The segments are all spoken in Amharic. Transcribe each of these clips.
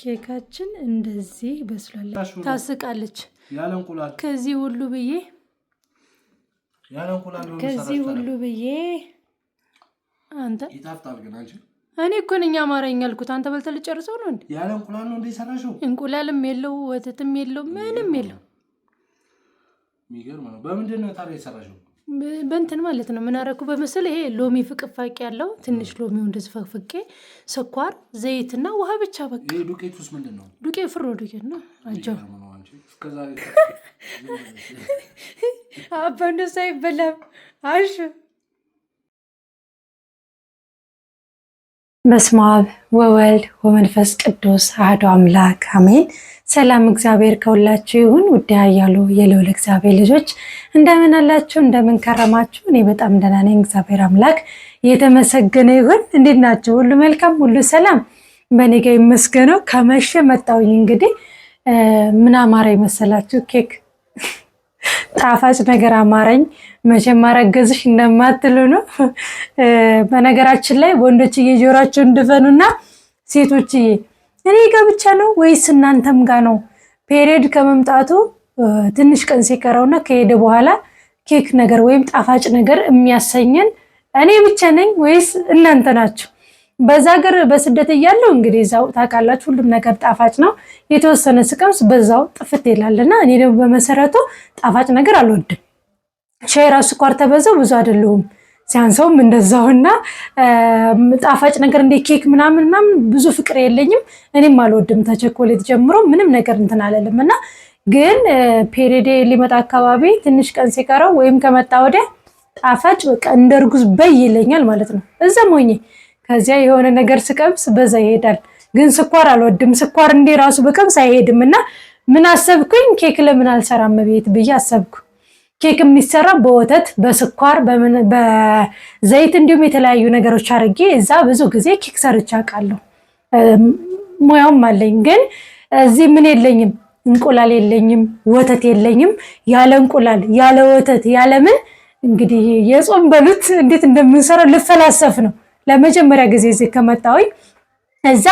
ኬካችን እንደዚህ በስሏል። ታስቃለች። ከዚህ ሁሉ ብዬ ከዚህ ሁሉ ብዬ አንተ እኔ እኮ ነኝ አማረኝ ያልኩት። አንተ በልተህ ልጨርሰው ነው እንዴ? ያለ እንቁላል ነው እንዴ ሰራሽው? እንቁላልም የለው ወተትም የለው ምንም የለው። የሚገርም ነው። በምንድን ነው ታዲያ የሰራሽው? በእንትን ማለት ነው። ምናረኩ በምስል ይሄ ሎሚ ፍቅፋቂ ያለው ትንሽ ሎሚው እንደዚህ ፈቅፍቄ ስኳር፣ ዘይትና ውሃ ብቻ በቃ። ዱቄት ምንድን ነው? ዱቄት ፍሮ ዱቄት ነው። አጃው አባ እንደሱ አይበላም። አሹ በስመ አብ ወወልድ ወመንፈስ ቅዱስ አሐዱ አምላክ አሜን። ሰላም እግዚአብሔር ከሁላችሁ ይሁን። ውድ ያሉ የልዑል እግዚአብሔር ልጆች እንደምን አላችሁ? እንደምን ከረማችሁ? እኔ በጣም ደህና ነኝ። እግዚአብሔር አምላክ የተመሰገነ ይሁን። እንዴት ናችሁ? ሁሉ መልካም፣ ሁሉ ሰላም፣ በኔጋ ይመስገነው። ከመሸ መጣውኝ። እንግዲህ ምን አማረ ይመሰላችሁ ኬክ ጣፋጭ ነገር አማረኝ መቼም አረገዝሽ እንደማትሉ ነው። በነገራችን ላይ ወንዶች ጆሯቸው እንድፈኑና ሴቶችዬ እኔ ጋ ብቻ ነው ወይስ እናንተም ጋ ነው? ፔሪድ ከመምጣቱ ትንሽ ቀን ሲቀረውና ከሄደ በኋላ ኬክ ነገር ወይም ጣፋጭ ነገር የሚያሰኘን እኔ ብቻ ነኝ ወይስ እናንተ ናችሁ? በዛ ሀገር በስደት እያለሁ እንግዲህ እዛው ታውቃላችሁ፣ ሁሉም ነገር ጣፋጭ ነው። የተወሰነ ስቀምስ በዛው ጥፍት ይላልና እኔ ደግሞ በመሰረቱ ጣፋጭ ነገር አልወድም። ሻይ ራሱ ስኳር ተበዛው ብዙ አይደለሁም። ሲያንሰውም እንደዛውና ጣፋጭ ነገር እንደ ኬክ ምናምን ምናምን ብዙ ፍቅር የለኝም። እኔም አልወድም ተቸኮሌት ጀምሮ ምንም ነገር እንትን አለልም እና ግን ፔሬዴ ሊመጣ አካባቢ ትንሽ ቀን ሲቀረው ወይም ከመጣ ወዲያ ጣፋጭ በቃ እንደ እርጉዝ በይ ይለኛል ማለት ነው እዛ ሞኜ ከዚያ የሆነ ነገር ስቀምስ በዛ ይሄዳል። ግን ስኳር አልወድም። ስኳር እንዴ ራሱ በቀምስ አይሄድም። እና ምን አሰብኩኝ፣ ኬክ ለምን አልሰራም ቤት ብዬ አሰብኩ። ኬክ የሚሰራ በወተት በስኳር በዘይት እንዲሁም የተለያዩ ነገሮች አድርጌ እዛ ብዙ ጊዜ ኬክ ሰርቼ አውቃለሁ። ሙያውም አለኝ። ግን እዚህ ምን የለኝም፣ እንቁላል የለኝም፣ ወተት የለኝም። ያለ እንቁላል ያለ ወተት ያለምን እንግዲህ የጾም በሉት እንዴት እንደምንሰራው ልፈላሰፍ ነው ለመጀመሪያ ጊዜ እዚህ ከመጣሁኝ እዛ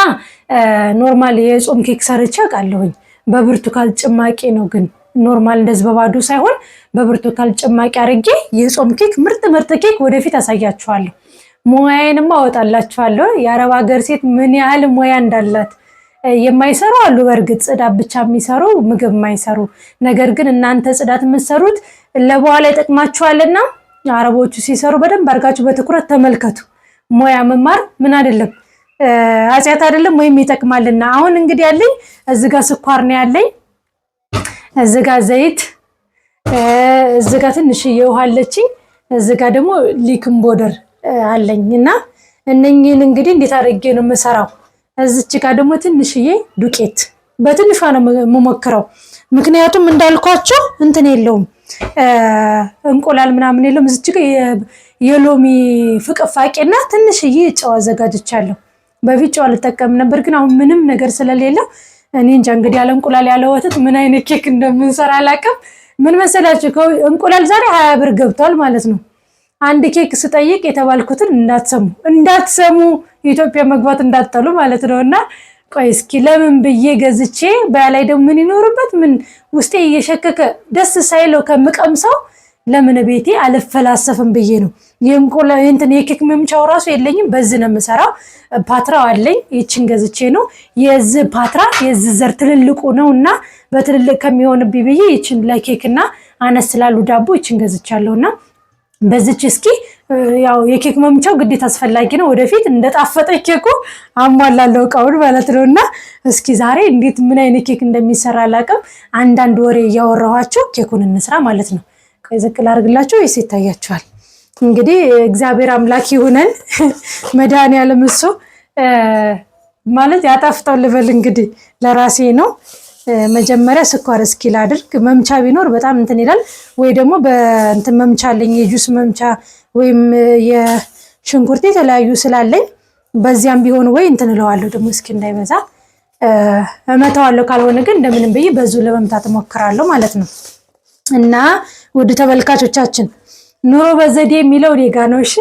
ኖርማል የጾም ኬክ ሰርቼ አውቃለሁኝ። በብርቱካን ጭማቂ ነው ግን ኖርማል እንደዚህ በባዶ ሳይሆን በብርቱካን ጭማቂ አድርጌ የጾም ኬክ ምርጥ ምርጥ ኬክ ወደፊት አሳያችኋለሁ። ሙያዬንም አወጣላችኋለሁ። የአረብ ሀገር ሴት ምን ያህል ሙያ እንዳላት የማይሰሩ አሉ። በእርግጥ ጽዳት ብቻ የሚሰሩ ምግብ የማይሰሩ ነገር ግን እናንተ ጽዳት የምትሰሩት ለበኋላ ይጠቅማችኋልና አረቦቹ ሲሰሩ በደንብ አድርጋችሁ በትኩረት ተመልከቱ። ሙያ መማር ምን አይደለም ኃጢአት አይደለም ወይም ይጠቅማልና። አሁን እንግዲህ ያለኝ እዚህ ጋር ስኳር ነው ያለኝ፣ እዚህ ጋር ዘይት፣ እዚህ ጋር ትንሽዬ ውሃ አለችኝ፣ እዚህ ጋር ደግሞ ሊክም ቦደር አለኝ እና እነኝህን እንግዲህ እንዴት አድርጌ ነው የምሰራው? እዚች ጋር ደግሞ ትንሽዬ ዱቄት በትንሿ ነው የምሞክረው። ምክንያቱም እንዳልኳቸው እንትን የለውም እንቁላል ምናምን የለውም እዚች የሎሚ ፍቅፋቄና ትንሽዬ ጨው አዘጋጅቻለሁ። በፊት ጨው አልጠቀም ነበር፣ ግን አሁን ምንም ነገር ስለሌለው እኔ እንጃ እንግዲህ ያለ እንቁላል ያለ ወተት ምን አይነት ኬክ እንደምንሰራ አላውቅም። ምን መሰላችሁ እንቁላል ዛሬ ሀያ ብር ገብቷል ማለት ነው። አንድ ኬክ ስጠይቅ የተባልኩትን እንዳትሰሙ እንዳትሰሙ የኢትዮጵያ መግባት እንዳትጠሉ ማለት ነው። እና ቆይ እስኪ ለምን ብዬ ገዝቼ በላይ ደግሞ ምን ይኖርበት ምን ውስጤ እየሸከከ ደስ ሳይለው ከምቀምሰው ለምን ቤቴ አልፈላሰፍም ብዬ ነው። የእንቁላ እንትን የኬክ መምቻው ራሱ የለኝም። በዚህ ነው የምሰራው። ፓትራ አለኝ ይችን ገዝቼ ነው የዚህ ፓትራ የዚ ዘር ትልልቁ ነው እና በትልልቅ ከሚሆንብኝ ብዬ ይችን እና አነስ ስላሉ ዳቦ ይችን እና በዚች እስኪ ያው የኬክ መምቻው ግዴታ አስፈላጊ ነው። ወደፊት እንደጣፈጠ ኬኩ አሟላለው እቃውን ማለት ነው። እና እስኪ ዛሬ እንዴት ምን አይነት ኬክ እንደሚሰራ አላውቅም። አንዳንድ ወሬ እያወራኋቸው ኬኩን እንስራ ማለት ነው። ቀይ ዝቅ ላድርግላቸው ይስ ይታያቸዋል። እንግዲህ እግዚአብሔር አምላክ ይሁነን መድኃኒዓለም እሱ ማለት ያጣፍጠው ልበል እንግዲህ ለራሴ ነው። መጀመሪያ ስኳር እስኪ ላድርግ። መምቻ ቢኖር በጣም እንትን ይላል። ወይ ደግሞ በእንትን መምቻ አለኝ የጁስ መምቻ ወይም የሽንኩርት የተለያዩ ስላለኝ በዚያም ቢሆን ወይ እንትን እለዋለሁ ደግሞ እስኪ እንዳይበዛ እመተዋለሁ። ካልሆነ ግን እንደምንም ብዬ በዙ ለመምታት እሞክራለሁ ማለት ነው እና ውድ ተመልካቾቻችን ኑሮ በዘዴ የሚለው እኔ ጋ ነው። እሺ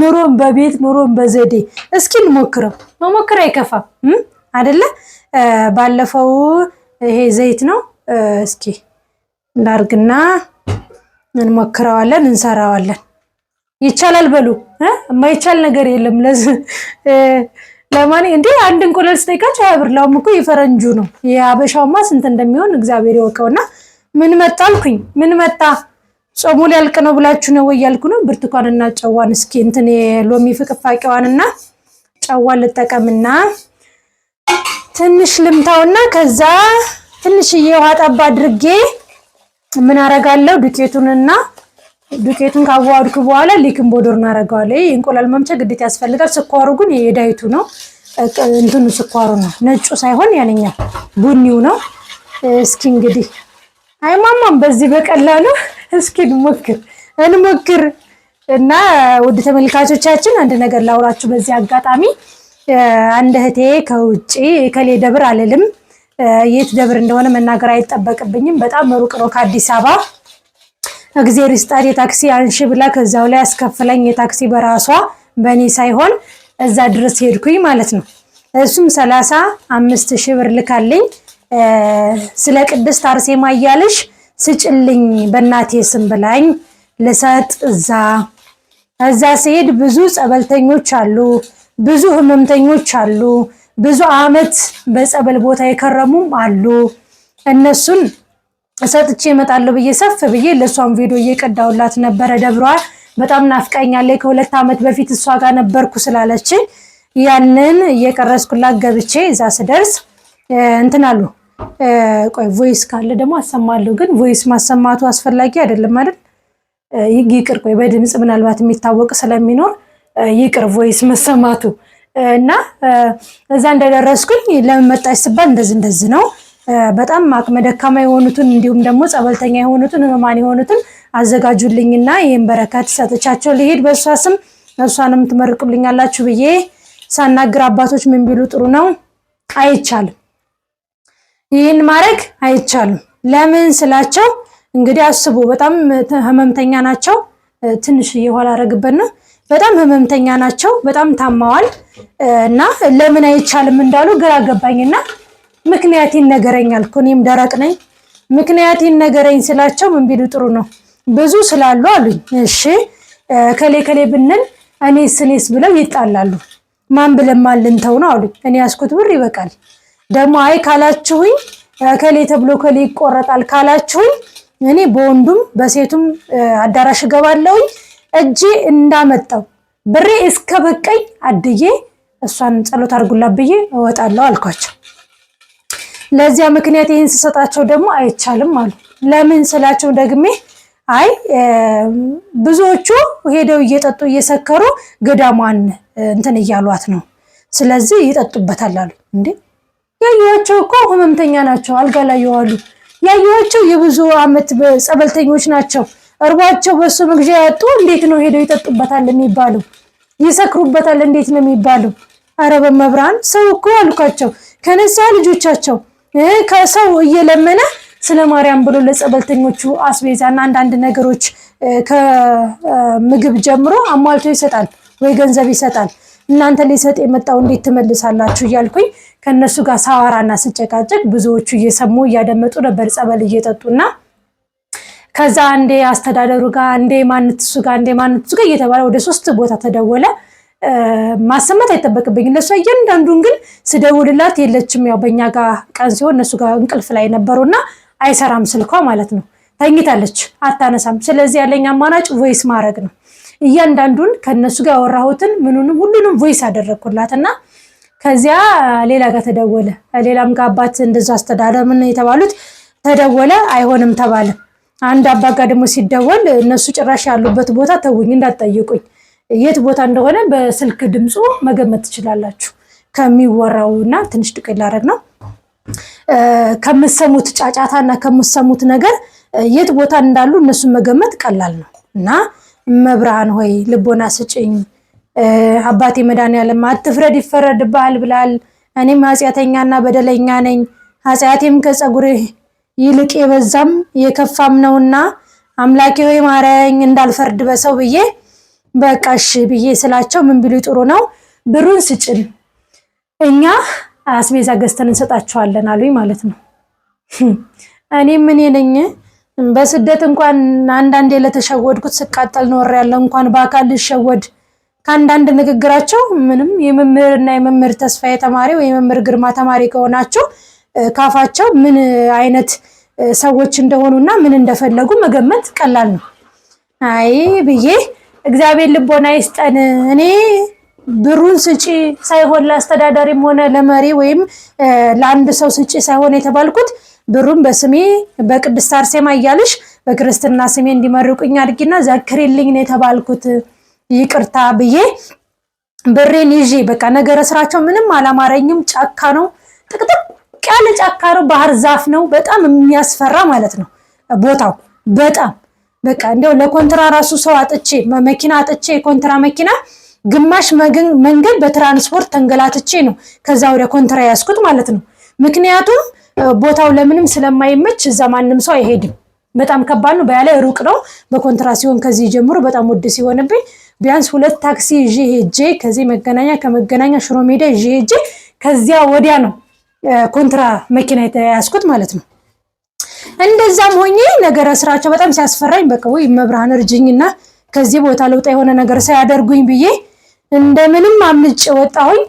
ኑሮን በቤት ኑሮን በዘዴ እስኪ እንሞክረው። መሞክር አይከፋም አደለ? ባለፈው ይሄ ዘይት ነው። እስኪ እንዳርግና እንሞክረዋለን፣ እንሰራዋለን። ይቻላል በሉ። የማይቻል ነገር የለም። ለማን እንዴ አንድ እንቁላል ስጠይቃች ሀያ ብር ላውም እኮ የፈረንጁ ነው። የአበሻውማ ስንት እንደሚሆን እግዚአብሔር ይወቀውና ምን መጣ አልኩኝ። ምን መጣ ጾሙ ሊያልቅ ነው ብላችሁ ነው ወይ ያልኩ ነው። ብርቱካንና ጨዋን እስኪ እንትን ሎሚ ፍቅፋቂዋንና ጨዋን ልጠቀምና ትንሽ ልምታውና ከዛ ትንሽዬ ውሃ ጣባ አድርጌ ምን አረጋለሁ ዱቄቱንና ዱቄቱን ካዋድኩ በኋላ ሊክን ቦዶር እናደርገዋለን። እንቁላል መምቻ ግዴታ ያስፈልጋል። ስኳሩ ግን የዳይቱ ነው፣ እንትኑ ስኳሩ ነው፣ ነጩ ሳይሆን ያንኛው ቡኒው ነው። እስኪ እንግዲህ አይማማም በዚህ በቀላሉ እስኪ እንሞክር እንሞክር እና ውድ ተመልካቾቻችን አንድ ነገር ላውራችሁ በዚህ አጋጣሚ አንድ እህቴ ከውጭ ከሌ ደብር አልልም የት ደብር እንደሆነ መናገር አይጠበቅብኝም በጣም ሩቅ ነው ከአዲስ አበባ እግዜር ይስጣት የታክሲ አንሺ ብላ ከዛው ላይ ያስከፍለኝ የታክሲ በራሷ በእኔ ሳይሆን እዛ ድረስ ሄድኩኝ ማለት ነው እሱም ሰላሳ አምስት ሺህ ብር ልካለኝ ስለ ቅድስት አርሴማ እያለሽ ስጭልኝ በእናቴ ስም ብላኝ ልሰጥ እዛ እዛ ስሄድ ብዙ ጸበልተኞች አሉ፣ ብዙ ህመምተኞች አሉ፣ ብዙ አመት በጸበል ቦታ የከረሙም አሉ። እነሱን ሰጥቼ እመጣለሁ ብዬ ሰፍ ብዬ ለእሷም ቪዲዮ እየቀዳውላት ነበረ። ደብሯ በጣም ናፍቃኛለች። ከሁለት ዓመት በፊት እሷ ጋር ነበርኩ ስላለችኝ ያንን እየቀረስኩላት ገብቼ እዛ ስደርስ እንትን አሉ ቆይ ቮይስ ካለ ደግሞ አሰማለሁ። ግን ቮይስ ማሰማቱ አስፈላጊ አይደለም አይደል? ይቅር። ቆይ በድምፅ ምናልባት የሚታወቅ ስለሚኖር ይቅር ቮይስ መሰማቱ እና እዛ እንደደረስኩኝ ለምን መጣች ስባል እንደዚህ እንደዚህ ነው በጣም አቅመ ደካማ የሆኑትን እንዲሁም ደግሞ ጸበልተኛ የሆኑትን ህመማን የሆኑትን አዘጋጁልኝና ይህን በረከት ሰጥቻቸው ልሄድ በእሷ ስም እሷንም ትመርቁልኛላችሁ ብዬ ሳናግር አባቶች ምን ቢሉ ጥሩ ነው አይቻልም ይህን ማድረግ አይቻልም። ለምን ስላቸው እንግዲህ አስቡ። በጣም ህመምተኛ ናቸው። ትንሽ እየኋላ አረግበት ነው። በጣም ህመምተኛ ናቸው። በጣም ታማዋል እና ለምን አይቻልም እንዳሉ ግራ ገባኝና ምክንያት ይነገረኛል እኮ እኔም ደረቅ ነኝ። ምክንያት ይነገረኝ ስላቸው ምን ቢሉ ጥሩ ነው ብዙ ስላሉ አሉኝ። እሺ ከሌ ከሌ ብንል እኔስ እኔስ ብለው ይጣላሉ። ማን ብለን ነው አሉኝ። እኔ ያስኩት ብር ይበቃል ደግሞ አይ ካላችሁኝ ከሌ ተብሎ ከሌ ይቆረጣል ካላችሁኝ እኔ በወንዱም በሴቱም አዳራሽ እገባለሁኝ። እጄ እንዳመጣው ብሬ እስከ በቀኝ አድዬ እሷን ጸሎት አድርጉላት ብዬ እወጣለሁ አልኳቸው። ለዚያ ምክንያት ይህን ስሰጣቸው ደግሞ አይቻልም አሉ። ለምን ስላቸው ደግሜ አይ ብዙዎቹ ሄደው እየጠጡ እየሰከሩ ገዳሟን እንትን እያሏት ነው፣ ስለዚህ ይጠጡበታል አሉ። እንዴ ያየኋቸው እኮ ህመምተኛ ናቸው፣ አልጋ ላይ የዋሉ ያየኋቸው የብዙ አመት ጸበልተኞች ናቸው። እርቧቸው በሱ መግዣ ያጡ እንዴት ነው ሄደው ይጠጡበታል የሚባለው? ይሰክሩበታል እንዴት ነው የሚባለው? አረ በመብርሃን ሰው እኮ አልኳቸው ከነሳ ልጆቻቸው ከሰው እየለመነ ስለ ማርያም ብሎ ለጸበልተኞቹ አስቤዛ እና አንዳንድ ነገሮች ከምግብ ጀምሮ አሟልቶ ይሰጣል ወይ ገንዘብ ይሰጣል። እናንተ ሊሰጥ የመጣው እንዴት ትመልሳላችሁ እያልኩኝ ከእነሱ ጋር ሳዋራና ስጨቃጨቅ ብዙዎቹ እየሰሙ እያደመጡ ነበር፣ ጸበል እየጠጡና ከዛ አንዴ አስተዳደሩ ጋር አንዴ እሱ ጋር አንዴ እሱ ጋር እየተባለ ወደ ሶስት ቦታ ተደወለ። ማሰማት አይጠበቅብኝ ለእሷ እያንዳንዱን ግን ስደውልላት የለችም። ያው በእኛ ጋር ቀን ሲሆን እነሱ ጋር እንቅልፍ ላይ ነበሩና አይሰራም ስልኳ ማለት ነው። ተኝታለች፣ አታነሳም። ስለዚህ ያለኝ አማራጭ ቮይስ ማድረግ ነው። እያንዳንዱን ከእነሱ ጋር ያወራሁትን ምኑንም ሁሉንም ቮይስ አደረግኩላት እና ከዚያ ሌላ ጋር ተደወለ። ሌላም ጋር አባት እንደዛ አስተዳደር ምን የተባሉት ተደወለ፣ አይሆንም ተባለ። አንድ አባት ጋር ደግሞ ሲደወል እነሱ ጭራሽ ያሉበት ቦታ ተውኝ እንዳትጠይቁኝ፣ የት ቦታ እንደሆነ በስልክ ድምፁ መገመት ትችላላችሁ። ከሚወራው እና ትንሽ ጥቅ ላደርግ ነው ከምሰሙት ጫጫታ እና ከምሰሙት ነገር የት ቦታ እንዳሉ እነሱን መገመት ቀላል ነው እና መብርሃን ሆይ ልቦና ስጭኝ፣ አባቴ መድኃኔዓለም አትፍረድ ይፈረድብሃል ብላል። እኔም ኃጢአተኛና በደለኛ ነኝ፣ ኃጢአቴም ከጸጉር ይልቅ የበዛም የከፋም ነውና አምላኬ ሆይ ማረኝ፣ እንዳልፈርድ በሰው ብዬ በቃ እሺ ብዬ ስላቸው ምን ቢሉ ጥሩ ነው? ብሩን ስጭን እኛ አስቤዛ ገዝተን እንሰጣቸዋለን አሉኝ ማለት ነው። እኔ ምን ነኝ በስደት እንኳን አንዳንዴ ለተሸወድኩት ስቃጠል ኖር ያለው እንኳን በአካል ልሸወድ ከአንዳንድ ንግግራቸው ምንም የመምህርና የመምህር ተስፋ የተማሪ ወይ የመምህር ግርማ ተማሪ ከሆናቸው ካፋቸው ምን አይነት ሰዎች እንደሆኑና ምን እንደፈለጉ መገመት ቀላል ነው። አይ ብዬ እግዚአብሔር ልቦና ይስጠን። እኔ ብሩን ስጪ ሳይሆን ለአስተዳዳሪም ሆነ ለመሪ ወይም ለአንድ ሰው ስጪ ሳይሆን የተባልኩት ብሩም በስሜ በቅድስት አርሴማ እያልሽ በክርስትና ስሜ እንዲመርቁኝ አድርጊና ዘክሪልኝ ነው የተባልኩት ይቅርታ ብዬ ብሬን ይዤ በቃ ነገረ ስራቸው ምንም አላማረኝም። ጫካ ነው፣ ጥቅጥቅ ያለ ጫካ ነው፣ ባህር ዛፍ ነው። በጣም የሚያስፈራ ማለት ነው ቦታው በጣም በቃ እንዲያው ለኮንትራ ራሱ ሰው አጥቼ መኪና አጥቼ የኮንትራ መኪና ግማሽ መንገድ በትራንስፖርት ተንገላትቼ ነው ከዛ ወደ ኮንትራ ያስኩት ማለት ነው ምክንያቱም ቦታው ለምንም ስለማይመች እዛ ማንም ሰው አይሄድም። በጣም ከባድ ነው። በያ ሩቅ ነው። በኮንትራ ሲሆን ከዚህ ጀምሮ በጣም ውድ ሲሆንብኝ ቢያንስ ሁለት ታክሲ ይዤ ሄጄ ከዚህ መገናኛ ከመገናኛ ሽሮ ሜዳ ይዤ ሄጄ ከዚያ ወዲያ ነው ኮንትራ መኪና የተያዝኩት ማለት ነው። እንደዛም ሆኜ ነገረ ስራቸው በጣም ሲያስፈራኝ በቃ ወይ መብርሃን እርጅኝና ከዚህ ቦታ ለውጣ የሆነ ነገር ሳያደርጉኝ ብዬ እንደምንም አምልጭ ወጣሁኝ።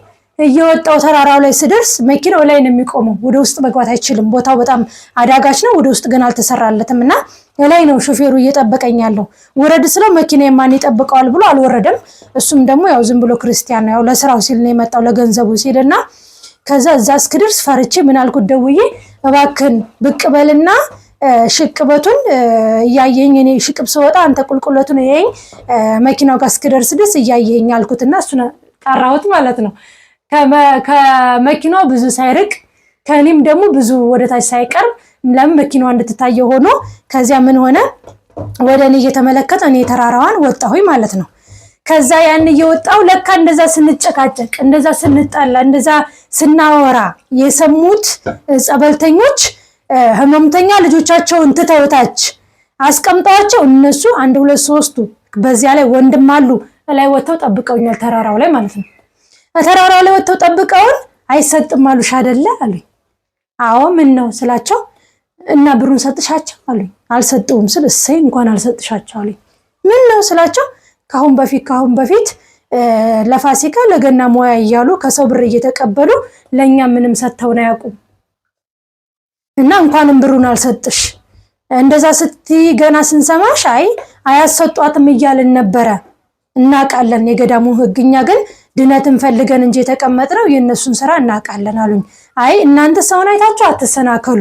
እየወጣው ተራራው ላይ ስደርስ መኪናው ላይ ነው የሚቆመው። ወደ ውስጥ መግባት አይችልም። ቦታው በጣም አዳጋች ነው። ወደ ውስጥ ግን አልተሰራለትም እና ላይ ነው ሾፌሩ እየጠበቀኝ ያለው። ውረድ ስለው መኪና የማን ይጠብቀዋል ብሎ አልወረደም። እሱም ደግሞ ያው ዝም ብሎ ክርስቲያን ነው፣ ያው ለስራው ሲል ነው የመጣው ለገንዘቡ ሲል እና ከዛ እዛ እስክደርስ ፈርቼ ምን አልኩት ደውዬ እባክን ብቅበልና ሽቅበቱን እያየኝ እኔ ሽቅብ ስወጣ አንተ ቁልቁለቱን እያየኝ መኪናው ጋር እስክደርስ ድስ እያየኝ አልኩትና እሱን ጠራሁት ማለት ነው። ከመኪናው ብዙ ሳይርቅ ከእኔም ደግሞ ብዙ ወደታች ሳይቀርብ ለምን መኪናዋ እንድትታየው ሆኖ ከዚያ ምን ሆነ ወደ እኔ እየተመለከተ እኔ ተራራዋን ወጣሁኝ ማለት ነው። ከዛ ያን እየወጣው ለካ እንደዛ ስንጨቃጨቅ፣ እንደዛ ስንጣላ፣ እንደዛ ስናወራ የሰሙት ጸበልተኞች ህመምተኛ ልጆቻቸውን ትተውታች አስቀምጠዋቸው እነሱ አንድ ሁለት ሶስቱ በዚያ ላይ ወንድም አሉ ላይ ወጥተው ጠብቀውኛል ተራራው ላይ ማለት ነው። በተራራው ላይ ወጥተው ጠብቀውን አይሰጥም አሉሽ አደለ አሉኝ። አዎ ምን ነው ስላቸው እና ብሩን ሰጥሻቸው አሉኝ። አልሰጠውም ስል እሰይ እንኳን አልሰጥሻቸው አሉኝ። ምን ነው ስላቸው ካሁን በፊት ካሁን በፊት ለፋሲካ ለገና ሙያ እያሉ ከሰው ብር እየተቀበሉ ለእኛ ምንም ሰጥተውን አያውቁም እና እንኳንም ብሩን አልሰጥሽ እንደዛ ስትይ ገና ስንሰማሽ አይ አያሰጧትም እያልን ነበረ እናውቃለን የገዳሙ ሕግ እኛ ግን ድነትን ፈልገን እንጂ የተቀመጥነው የእነሱን ስራ እናውቃለን አሉኝ። አይ እናንተ ሰውን አይታችሁ አትሰናከሉ፣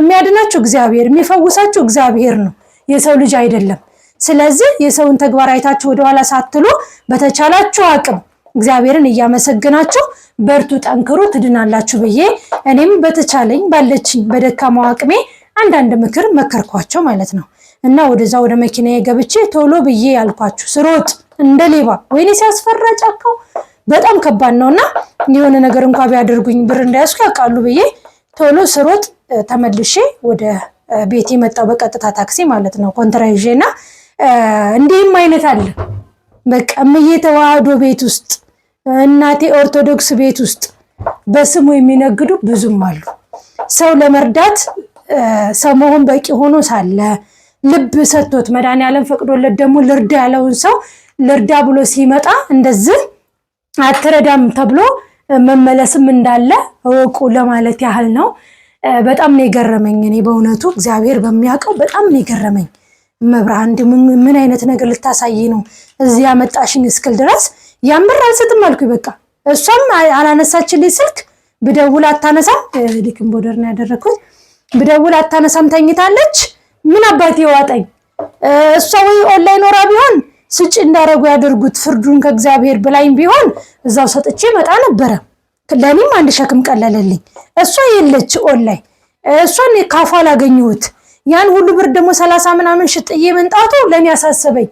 የሚያድናችሁ እግዚአብሔር፣ የሚፈውሳችሁ እግዚአብሔር ነው፣ የሰው ልጅ አይደለም። ስለዚህ የሰውን ተግባር አይታችሁ ወደኋላ ሳትሉ በተቻላችሁ አቅም እግዚአብሔርን እያመሰግናችሁ በርቱ፣ ጠንክሩ፣ ትድናላችሁ ብዬ እኔም በተቻለኝ ባለችኝ በደካማው አቅሜ አንዳንድ ምክር መከርኳቸው ማለት ነው። እና ወደዛ ወደ መኪና ገብቼ ቶሎ ብዬ ያልኳችሁ ስሮጥ እንደ ሌባ ወይኔ ሲያስፈራ ጫካው በጣም ከባድ ነው እና የሆነ ነገር እንኳ ቢያደርጉኝ ብር እንዳያስኩ ያውቃሉ ብዬ ቶሎ ስሮጥ ተመልሼ ወደ ቤት የመጣው በቀጥታ ታክሲ ማለት ነው ኮንትራ ይዤ እና እንዲህም አይነት አለ። በቃ እምዬ ተዋህዶ ቤት ውስጥ እናቴ ኦርቶዶክስ ቤት ውስጥ በስሙ የሚነግዱ ብዙም አሉ። ሰው ለመርዳት ሰው መሆን በቂ ሆኖ ሳለ ልብ ሰጥቶት መድኃኔዓለም ፈቅዶለት ደግሞ ልርዳ ያለውን ሰው ልርዳ ብሎ ሲመጣ እንደዚህ አትረዳም ተብሎ መመለስም እንዳለ እወቁ ለማለት ያህል ነው። በጣም ነው የገረመኝ። እኔ በእውነቱ እግዚአብሔር በሚያውቀው በጣም ነው የገረመኝ። መብርሃን ምን አይነት ነገር ልታሳይ ነው እዚህ ያመጣሽኝ እስክል ድረስ ያምር አልሰጥም አልኩ። በቃ እሷም አላነሳችልኝ ስልክ ብደውል አታነሳም። ልክም ቦደር ነው ያደረግኩት። ብደውል አታነሳም፣ ተኝታለች። ምን አባቴ ዋጠኝ። እሷ ወይ ኦንላይን ኖራ ቢሆን ስጭ እንዳረጉ ያደርጉት ፍርዱን ከእግዚአብሔር በላይም ቢሆን እዛው ሰጥቼ መጣ ነበረ። ለእኔም አንድ ሸክም ቀለለልኝ። እሷ የለች ኦንላይን እሷን ካፏ አላገኘሁት። ያን ሁሉ ብር ደግሞ ሰላሳ ምናምን ሽጥዬ መንጣቱ ለእኔ ያሳሰበኝ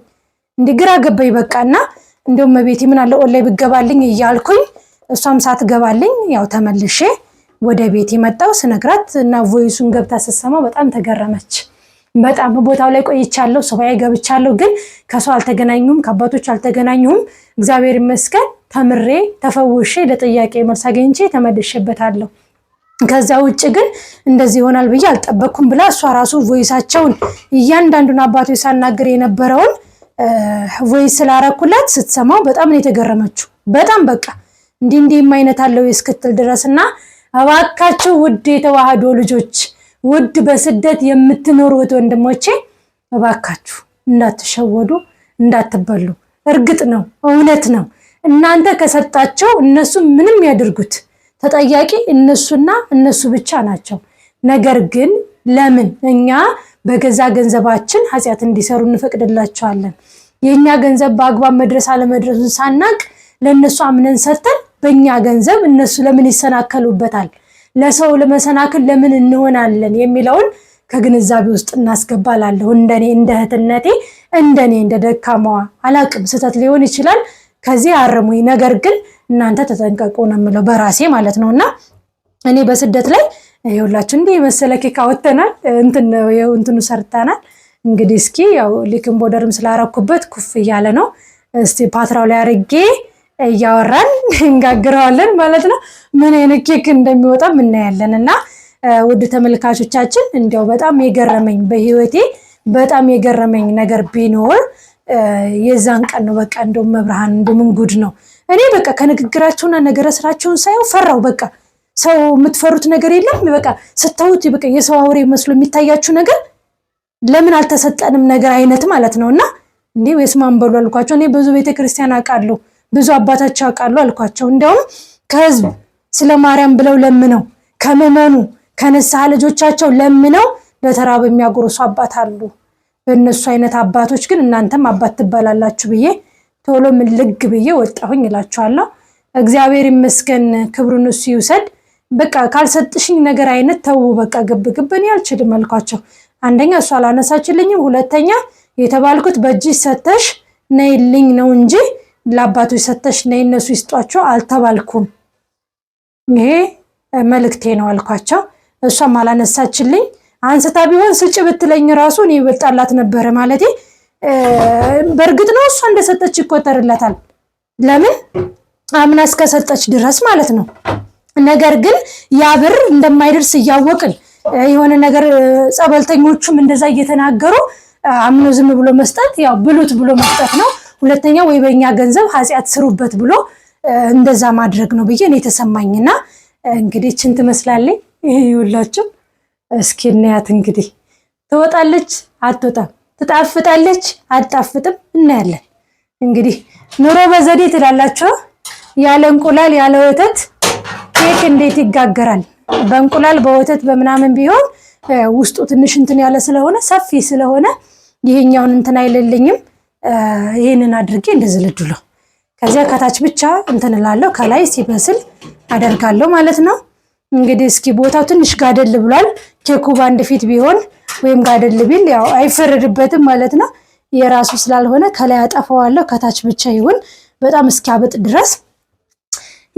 እንዲ ግራ ገባኝ። በቃና እንዲሁም መቤት ምን አለ ኦንላይን ብገባልኝ እያልኩኝ እሷም ሳትገባልኝ ያው ተመልሼ ወደ ቤት የመጣው ስነግራት እና ቮይሱን ገብታ ስትሰማ በጣም ተገረመች። በጣም ቦታው ላይ ቆይቻለሁ፣ ሱባኤ ገብቻለሁ፣ ግን ከሰው አልተገናኙም፣ ከአባቶች አልተገናኙም። እግዚአብሔር ይመስገን ተምሬ ተፈውሼ ለጥያቄ መልስ አግኝቼ ተመልሼበታለሁ። ከዛ ውጭ ግን እንደዚህ ይሆናል ብዬ አልጠበቅኩም ብላ እሷ ራሱ ቮይሳቸውን እያንዳንዱን አባቶች ሳናገር የነበረውን ወይ ስላረኩላት ስትሰማው በጣም ነው የተገረመችው። በጣም በቃ እንዲህ እንዲህም አይነት አለው የእስክትል ድረስ እና እባካችሁ ውድ የተዋህዶ ልጆች ውድ በስደት የምትኖሩት ወት ወንድሞቼ እባካችሁ እንዳትሸወዱ፣ እንዳትበሉ። እርግጥ ነው እውነት ነው፣ እናንተ ከሰጣቸው እነሱ ምንም ያድርጉት ተጠያቂ እነሱና እነሱ ብቻ ናቸው። ነገር ግን ለምን እኛ በገዛ ገንዘባችን ኃጢአት እንዲሰሩ እንፈቅድላቸዋለን? የእኛ ገንዘብ በአግባብ መድረስ አለመድረሱን ሳናቅ ለእነሱ አምነን ሰጥተን በእኛ ገንዘብ እነሱ ለምን ይሰናከሉበታል? ለሰው ለመሰናክል ለምን እንሆናለን የሚለውን ከግንዛቤ ውስጥ እናስገባላለሁ። እንደኔ እንደ እህትነቴ እንደኔ እንደ ደካማዋ አላቅም፣ ስህተት ሊሆን ይችላል። ከዚህ አርሙኝ፣ ነገር ግን እናንተ ተጠንቀቁ ነው የምለው በራሴ ማለት ነው። እና እኔ በስደት ላይ ሁላችሁ እንዲህ የመሰለ ኬክ አወተናል፣ እንትኑ ሰርተናል። እንግዲህ እስኪ ያው ሊክን ቦደርም ስላረኩበት ኩፍ እያለ ነው። እስቲ ፓትራው ላይ አርጌ እያወራን እንጋግረዋለን ማለት ነው። ምን አይነት ኬክ እንደሚወጣ እናያለን። እና ውድ ተመልካቾቻችን እንዲያው በጣም የገረመኝ በህይወቴ በጣም የገረመኝ ነገር ቢኖር የዛን ቀን ነው። በቃ እንደው መብርሃን እንደው ጉድ ነው። እኔ በቃ ከንግግራቸውና ነገረ ስራቸውን ሳየው ፈራው። በቃ ሰው የምትፈሩት ነገር የለም። በቃ ስታዩት በቃ የሰው አውሬ መስሎ የሚታያችሁ ነገር ለምን አልተሰጠንም ነገር አይነት ማለት ነው። እና እንዲህ የስማን በሉ አልኳቸው። እኔ ብዙ ቤተክርስቲያን አውቃለሁ ብዙ አባታቸው አውቃሉ አልኳቸው። እንዲያውም ከህዝብ ስለ ማርያም ብለው ለምነው ከምዕመኑ ከንስሐ ልጆቻቸው ለምነው ለተራብ የሚያጎርሱ አባት አሉ። በእነሱ አይነት አባቶች ግን እናንተም አባት ትባላላችሁ ብዬ ቶሎ ምልግ ብዬ ወጣሁኝ እላችኋለሁ። እግዚአብሔር ይመስገን፣ ክብሩን እሱ ይውሰድ። በቃ ካልሰጥሽኝ ነገር አይነት ተዉ፣ በቃ ግብ ግብ እኔ አልችልም አልኳቸው። አንደኛ እሱ አላነሳችልኝም፣ ሁለተኛ የተባልኩት በእጅ ሰተሽ ነይልኝ ነው እንጂ ለአባቶች ሰተሽ ነይ እነሱ ይስጧቸው አልተባልኩም። ይሄ መልእክቴ ነው አልኳቸው። እሷም አላነሳችልኝ። አንስታ ቢሆን ስጭ ብትለኝ ራሱ እኔ ይበልጣላት ነበረ ማለቴ። በእርግጥ ነው እሷ እንደሰጠች ይቆጠርለታል። ለምን አምና እስከሰጠች ድረስ ማለት ነው። ነገር ግን ያ ብር እንደማይደርስ እያወቅን የሆነ ነገር ጸበልተኞቹም እንደዛ እየተናገሩ አምኖ ዝም ብሎ መስጠት ያው ብሉት ብሎ መስጠት ነው። ሁለተኛ ወይ በእኛ ገንዘብ ኃጢአት ስሩበት ብሎ እንደዛ ማድረግ ነው ብዬ እኔ የተሰማኝና እንግዲህ ችን ትመስላለች። ይሄ ይውላችሁ እስኪ እናያት። እንግዲህ ትወጣለች አትወጣም፣ ትጣፍጣለች አትጣፍጥም፣ እናያለን። እንግዲህ ኑሮ በዘዴ ትላላችሁ። ያለ እንቁላል ያለ ወተት ኬክ እንዴት ይጋገራል? በእንቁላል በወተት በምናምን ቢሆን ውስጡ ትንሽ እንትን ያለ ስለሆነ ሰፊ ስለሆነ ይሄኛውን እንትን አይለልኝም። ይህንን አድርጌ እንደዚህ ልድለው። ከዚያ ከታች ብቻ እንትንላለው፣ ከላይ ሲበስል አደርጋለሁ ማለት ነው። እንግዲህ እስኪ ቦታው ትንሽ ጋደል ብሏል። ኬኩ በአንድ ፊት ቢሆን ወይም ጋደል ቢል ያው አይፈረድበትም ማለት ነው። የራሱ ስላልሆነ ከላይ አጠፋዋለሁ፣ ከታች ብቻ ይሁን በጣም እስኪያበጥ ድረስ።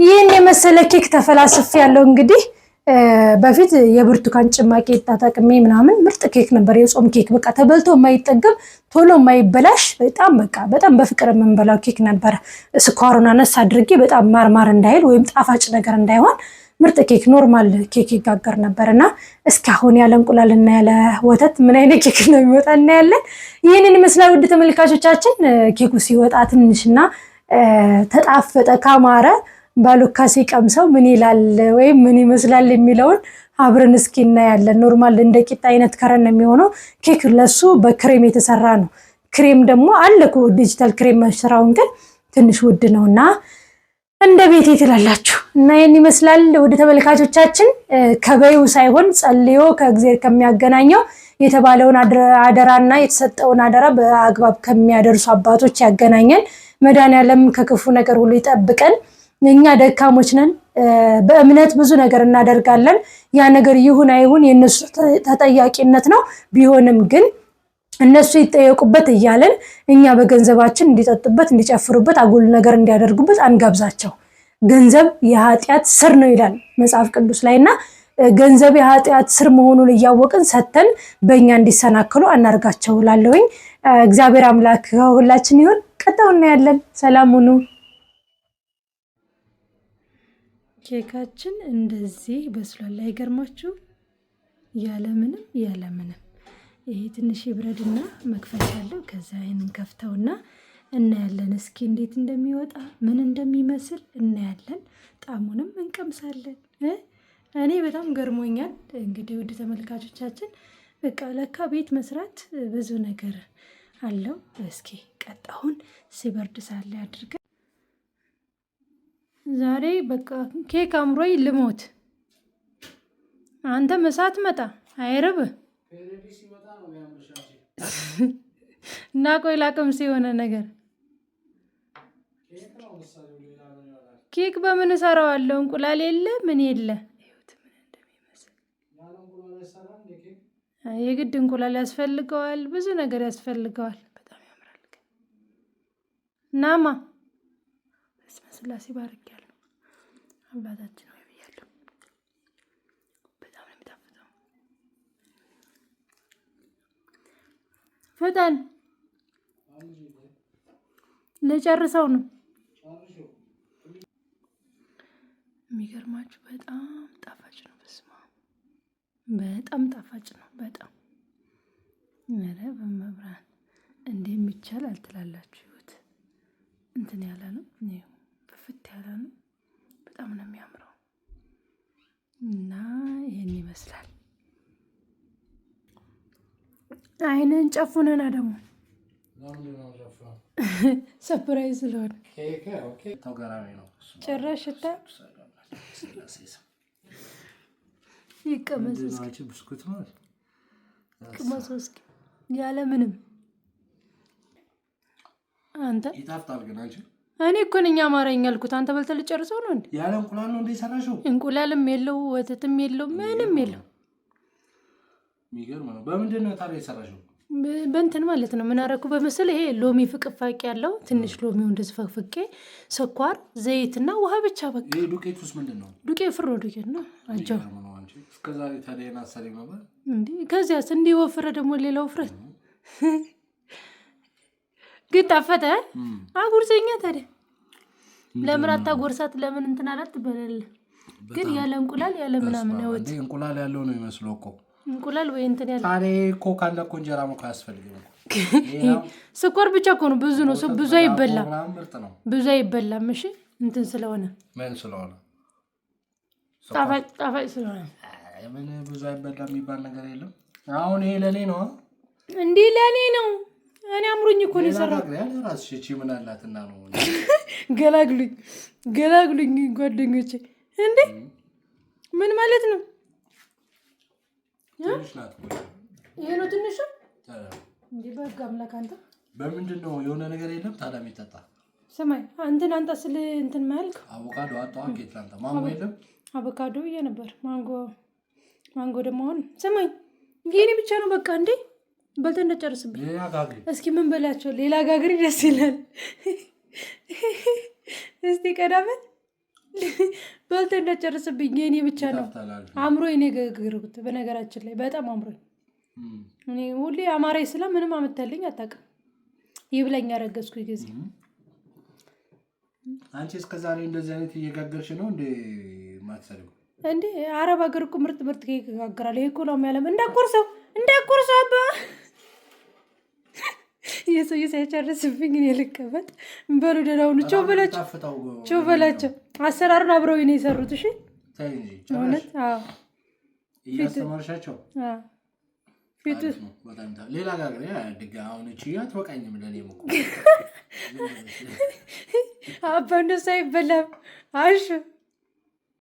ይህን የመሰለ ኬክ ተፈላስፍ ያለው እንግዲህ በፊት የብርቱካን ጭማቂ ይታጠቅሜ ምናምን ምርጥ ኬክ ነበር። የጾም ኬክ በቃ ተበልቶ የማይጠገብ ቶሎ የማይበላሽ በጣም በቃ በጣም በፍቅር የምንበላው ኬክ ነበር ስኳሩን አነስ አድርጌ በጣም ማርማር እንዳይል ወይም ጣፋጭ ነገር እንዳይሆን ምርጥ ኬክ ኖርማል ኬክ ይጋገር ነበር እና እስካሁን ያለ እንቁላል እና ያለ ወተት ምን አይነት ኬክ ነው የሚወጣ እናያለን። ይህንን ይመስላል ውድ ተመልካቾቻችን። ኬኩ ሲወጣ ትንሽና ተጣፈጠ ካማረ ባሉካ ሲቀምሰው ምን ይላል ወይም ምን ይመስላል የሚለውን አብረን እስኪ እናያለን። ኖርማል እንደ ቂጣ አይነት ከረን ነው የሚሆነው። ኬክ ለሱ በክሬም የተሰራ ነው። ክሬም ደግሞ አለ ዲጂታል ክሬም መስራውን ግን ትንሽ ውድ ነው እና እንደ ቤቴ ትላላችሁ እና ይህን ይመስላል። ውድ ተመልካቾቻችን ከበዩ ሳይሆን ጸልዮ ከእግዜር ከሚያገናኘው የተባለውን አደራና የተሰጠውን አደራ በአግባብ ከሚያደርሱ አባቶች ያገናኘን። መድኃኔዓለም ከክፉ ነገር ሁሉ ይጠብቀን። እኛ ደካሞች ነን። በእምነት ብዙ ነገር እናደርጋለን። ያ ነገር ይሁን አይሁን የእነሱ ተጠያቂነት ነው። ቢሆንም ግን እነሱ ይጠየቁበት እያለን እኛ በገንዘባችን እንዲጠጡበት፣ እንዲጨፍሩበት፣ አጉል ነገር እንዲያደርጉበት አንጋብዛቸው። ገንዘብ የኃጢአት ስር ነው ይላል መጽሐፍ ቅዱስ ላይ እና ገንዘብ የኃጢአት ስር መሆኑን እያወቅን ሰተን በእኛ እንዲሰናክሉ አናርጋቸው እላለሁኝ። እግዚአብሔር አምላክ ከሁላችን ይሁን። ቀጣው እናያለን። ሰላም ሁኑ። ኬካችን እንደዚህ በስሏል። አይገርማችሁ? ያለምንም ያለምንም ይሄ ትንሽ ይብረድና መክፈቻ አለው። ከዛ ይህንን ከፍተውና እናያለን እስኪ እንዴት እንደሚወጣ ምን እንደሚመስል እናያለን። ጣሙንም እንቀምሳለን። እኔ በጣም ገርሞኛል። እንግዲህ ውድ ተመልካቾቻችን በቃ ለካ ቤት መስራት ብዙ ነገር አለው። እስኪ ቀጣሁን ሲበርድ ሳለ አድርገን ዛሬ በቃ ኬክ አምሮኝ ልሞት። አንተም መሳት መጣ አይርብ እና ቆይ ላቅምስ የሆነ ነገር ኬክ በምን እሰራዋለሁ? እንቁላል የለ ምን የለ። የግድ እንቁላል ያስፈልገዋል፣ ብዙ ነገር ያስፈልገዋል። በጣም ያምራል ናማ ስላሴ ባርክ ያለው አባታችን ሆይ ብያለሁ። በጣም ነው የሚጣፍጠው። ፍጠን፣ ልጨርሰው ነው። የሚገርማችሁ በጣም ጣፋጭ ነው። በስመ አብ በጣም ጣፋጭ ነው። በጣም ኧረ በመብራን እንዲህ የሚቻል አልትላላችሁ ይሁት እንትን ያለ ነው። ጥፍት ያለ ነው። በጣም ነው የሚያምረው እና ይህን ይመስላል። አይንን ጨፉነና ደግሞ ሰፕራይዝ ስለሆነ ጭራሽ ሽታ ይቀመስ እስኪ ያለ ምንም አንተ ይጣፍጣል ግን አንቺ እኔ እኮ ነኝ አማረኝ ያልኩት። አንተ በልተህ ልጨርሰው ነው እንዴ? ያለ እንቁላል ነው እንዴ ሰራሽው? እንቁላልም የለው ወተትም የለው ምንም የለው። የሚገርም ነው። በምንድን ነው ታዲያ የሰራሽው? በእንትን ማለት ነው። ምን አደረኩ በምስል ይሄ ሎሚ ፍቅፋቂ ያለው ትንሽ ሎሚው እንደዚህ ፈቅፍቄ፣ ስኳር፣ እና ውሃ ብቻ በቃ። ይሄ ዱቄት ውስጥ ምንድን ነው? ዱቄት ፍሮ ዱቄት ነው። አጃው ታዲያ ናሰሪ እንዴ? ከዚያ እንዲወፍረ ደግሞ ሌላ ውፍረት ግን ጣፈጠ። አጉርሰኛ ታዲያ ለምን አታጎርሳት? ለምን እንትን አላት ትበላለህ። ግን ያለ እንቁላል ያለ ምናምን ወጥ እንቁላል ያለው ነው ይመስለው እኮ እንቁላል ወይ እንትን ያለ ታዲያ እኮ ካለ እኮ እንጀራ እኮ አያስፈልግም። ስኳር ብቻ እኮ ነው ብዙ ነው ብዙ አይበላም፣ ብዙ አይበላም። እሺ እንትን ስለሆነ ምን ስለሆነ ጣፋጭ ጣፋጭ ስለሆነ ምን ብዙ አይበላም የሚባል ነገር የለም። አሁን ይሄ ለእኔ ነው፣ እንዲህ ለእኔ ነው እኔ አምሮኝ እኮ ነው የሰራሁት። ምን አላትና ነው? ገላግሉኝ፣ ገላግሉኝ ጓደኞቼ። እንዴ ምን ማለት ነው? ይሄ ነው ትንሹ። በህግ አምላክ አንተ በምንድን ነው የሆነ ነገር የለም። ታዲያ የሚጠጣ ስማይ እንትን አንተ ስል እንትን ማያልክ አቮካዶ አጣዋ ጌት አንተ ማንጎ የለም። አቮካዶ ብዬ ነበር። ማንጎ ማንጎ ደግሞ አሁን ስማኝ፣ ይሄኔ ብቻ ነው በቃ እንዴ በልተህ እንዳጨርስብኝ እስኪ ምን በላቸው። ሌላ ጋግሪ ደስ ይላል። እስቲ ቀዳምን በልተህ እንዳጨርስብኝ። የእኔ ብቻ ነው አእምሮ የኔ ገግርጉት። በነገራችን ላይ በጣም አእምሮ እኔ ሁሌ አማራይ ስላ ምንም አመታልኝ አታውቅም። ይብላኝ ያረገዝኩ ጊዜ አንቺ እስከ እንደዚህ አይነት እየጋገርሽ ነው እንደ ማትሰሪው እንዴ? አረብ ሀገር እኮ ምርጥ ምርጥ ጋግራል። ይሄ እኮ ነው ያለም እንዳቆርሰው እንዳቆርሰው አባ የሰውዬ ሳይጨርስብኝ እኔ ልቀበጥ። በሉ ደህና ሁኑ፣ ቸው በላቸው፣ ቸው በላቸው። አሰራሩን አብረው ነው የሰሩት። እሺ እውነት እያስተማርሻቸው ሌላ ጋር አሁን አትበቃኝም። አባ አባንዶ አይበላም አሹ